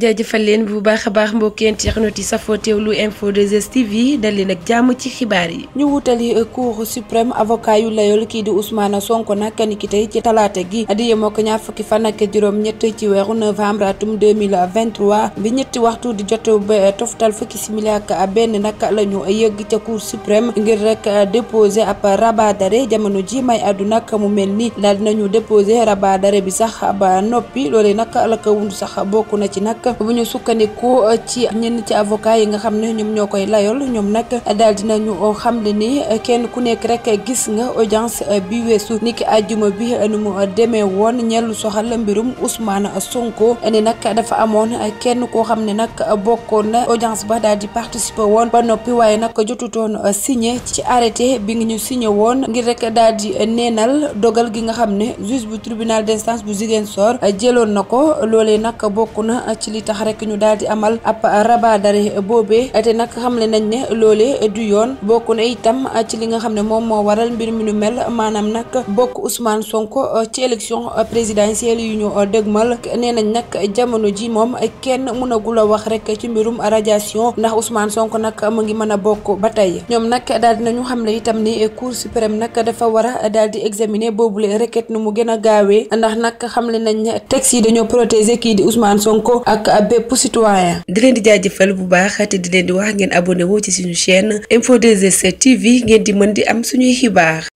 jaajëfal leen bu baax a baax mbokki internautes yi safoo teewlu lu 2S TV dal leen ak jàmm ci xibaar yi. ñu wutali euh, cour suprême avocat yu layool kii di Ousmane Sonko nag ni ki tey ci talaata gi di yemoo ko ñaar fukki fan ak juróom-ñett ci weeru novembre atum 2023 bi ñetti waxtu di jot ba toftal fukki simili ak benn nag la ñu yëgg ca cour suprême ngir rek déposer ab rabat jamono ji may addu nag mu mel ni daal dinañu déposer rabat d'arrêt bi sax ba noppi loolee nag la sax bokk na ci nag. nag bu ñu sukkandikoo uh, ci ñenn ci avocat yi nga xam ne ñoom ñoo koy layool ñoom nag daal dinañu uh, xamle ni uh, kenn ku nekk rek gis nga audience bi weesu niki àjjuma bi nu mu demee woon ñelu soxal mbirum Ousmane Sonko ni nag dafa amoon kenn koo xam ne nag bokkoon na audience ba daal di participer woon ba noppi waaye nag jotutoon signé ci arrêté bi nga ñu signé woon ngir rek daal di neenal dogal gi nga xam ne juge bu tribunal d'instance bu Ziguinchor jëloon na ko loolee nag bokk na ci li tax rek ñu daal di amal ab rabaadare boobee te nag xamle nañ ne loole du yoon bokk na itam ci li nga xam ne moom moo waral mbir mi nu mel maanaam nag bokk Ousmane sonk ci élection présidentielle yu ñu dëgmal nee nañ nag jamono ji moom kenn mënagul a wax rek ci mbirum radiation ndax Ousmane sonk nag mu ngi mën a bokk ba tey ñoom nag daal di nañu xamle itam ni Cour suprême nag dafa war a daal di examiner boobule requête nu mu gën a gaawee ndax nag xamle nañ texte yi dañoo protéger kii di Ousmane Sonko. ak bépp citoyen di len di jaajëfal bu baax te di len di wax ngeen abonné wo ci suñu chaîne Info 2S TV ngeen di mën di am suñu xibaar.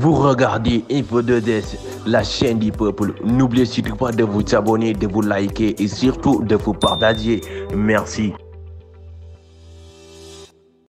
Vous regardez Info 2S, la chaîne du peuple. N'oubliez surtout pas de vous abonner, de vous liker et surtout de vous partager. Merci.